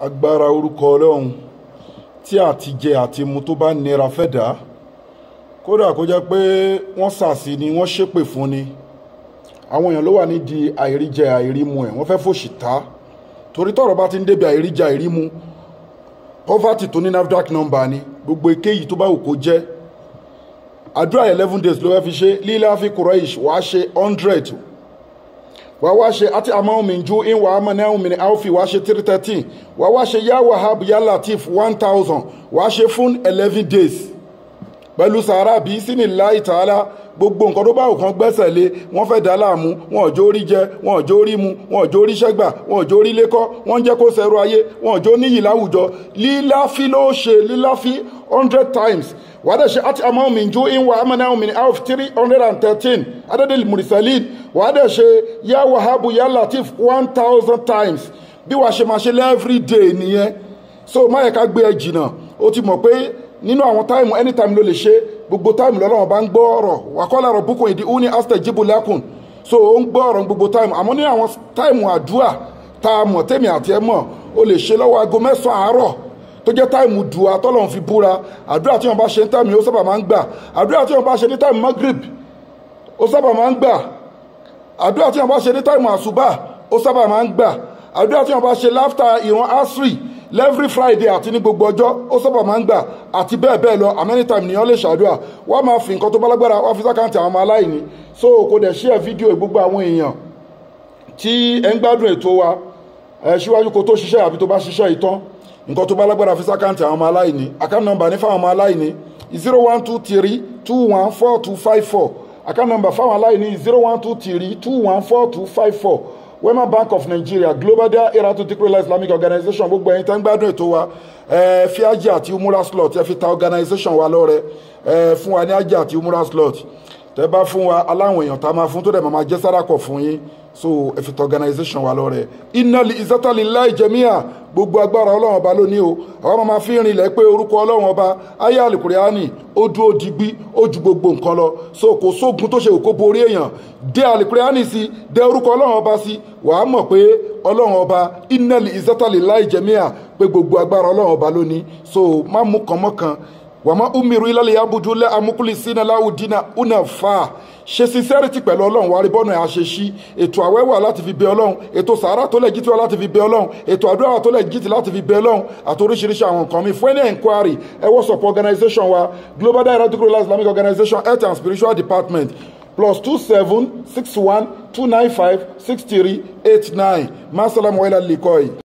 agbára orúkọ ọlọ́run tí àti jẹ àti mu tó bá nira fẹ́dà kódà kó jẹ́ pé wọ́n sàṣì ni wọ́n ṣépè fún ni àwọn èèyàn ló wà nídìí àìríjẹ àìrímu ẹ̀ wọ́n fẹ́ fòṣì ta torí tọ́rọ̀ bá ti ń débi àìríjẹ àìrímu poverty tó ní NAFDAC number ni gbogbo èkéyìí tó bá wù kó jẹ́ àdúrà eleven days ló fẹ́ fi ṣe lílá fi Quraish wàá ṣe hundred wawashe ati amao min juin wa amanao min aufi washe 313 wawashe ya wahab ya latif 1000 washe fún 11 days pẹ̀lú sàárà bíi sínìlá ìtàlá gbogbo nǹkan tó bá òkan gbẹ́sẹ̀ lé wọ́n fẹ́ dá láàmú wọn ò jó rí jẹ wọn ò jó rí mu wọn ò jó rí ṣẹ́gbà wọn ò jó rí lékọ́ wọ́n ń jẹ́ kó sẹ́rù ayé wọn ò jó níyì láwùjọ líláfí ló ṣe líláfí hundred times wàdà ṣe àti àmọ́ mi ju ìwà amẹ́nà mi alf three hundred and thirteen adadil murisalin wàdà ṣe yà wàhábù yà latif one thousand times bí wàá ṣe máa ṣe lẹ́ẹ́fírí dè nìyẹn so máyẹ̀ká gbé ẹ jìnnà ó ti mọ̀ pé nínú àwọn táìmù anytime ló lè ṣe gbogbo táìmù lọ́lọ́wọ́n bá ń gbọ́ ọ̀rọ̀ wàkọ́lá ọ̀rọ̀ bukun ìdí uni astajibu lakum so ó ń gbọ́ ọ̀rọ̀ gbogbo táìmù àmọ́ ní àwọn táìmù àdúrà tá a mọ̀ tèmi àti ẹ mọ̀ o lè ṣe lọ́wọ́ aago mẹ́sàn-án àárọ̀ tó jẹ́ táìmù dùà tọ́lọ́run fi búra àdúrà tí wọ́n bá ṣe ní táìmù ó sábà máa ń gbà àdúrà tí wọ́n bá ṣe ní táìmù magrib ó sábà máa ń gbà àdúrà tí wọ́n bá ṣe ní táìmù àsùbà ó sábà máa ń gbà àdúrà tí wọ́n bá ṣe láftà ìran asri lẹ́fírí friday àti ní gbogbo ọjọ́ ó sábà máa ń gbà àti bẹ́ẹ̀ bẹ́ẹ̀ lọ àmọ́ anytime nìyẹn lè ṣàdúrà wọ́n máa fi nǹkan tó bá lágbára wọ́n fi sákàǹtì àwọn ọmọ aláìní so kò dẹ̀ share fídíò gbogbo àwọn èèyàn tí ẹ ń gbádùn ètò wa ẹ síwájú kó tó ṣiṣẹ́ àbí tó bá ṣiṣẹ́ ìtàn nǹkan tó bá lágbára fi sákàǹtì àwọn ọmọ aláìní account number ní fáwọn ọmọ aláìní zero one two three two one four two five four account number fáwọn aláìní zero one two three two one four two five four Wema Bank of Nigeria Global to Dhikrlahi Islamic Organization gbogbo ẹ̀yin tẹ́ ń gbádùn ètò wa fi ajé àti umura slot ẹ fi ta organization wa lọ́rẹ ẹ fún wa ní ajé àti umura slot tẹ́ bá fún wa aláwọn èèyàn tá a máa fún tó dẹ̀ máa jẹ́ sárakọ̀ fún yín so ẹ fi tọganization wa lọ́rẹ̀ iná ìsátàlì láì jẹmíà gbogbo agbára ọlọ́run ọba lónìí o àwọn máa fi rinlẹ̀ pé orúkọ ọlọ́run ọba ayé alukuriani ó dúró digbí ó ju gbogbo nǹkan lọ so kò sóògùn tó ṣe kó borí èèyàn dé alukuriani si, dé orúkọ ọlọ́run ọba sí wàá mọ̀ pé ọlọ́run ọba iná ìsátàlì láì jẹmíà pé gbogbo agbára ọlọ́run ọba lónìí so má mú kànmọ́kàn wàmọ umiru ilẹ̀ yà budu lẹ́ amúkúlì sínú una fa ṣe sincerity pẹ̀lú ọlọ́run wa ribọ́nà àṣeṣí ètò àwẹ̀ wà láti fi bẹ ọlọ́run ètò sàárà tó lẹ̀ jìtì wà láti fi bẹ ọlọ́run ètò àdúrà tó lẹ̀ jìtì láti fi bẹ ọlọ́run àti oríṣiríṣi àwọn nǹkan mi fún ẹni enquiry ẹ WhatsApp organization wa Global Dahiratu Dhikrlahi Islamic Organization health and spiritual department plus two seven six one two nine five six three eight nine masalamu wa ilà likoi.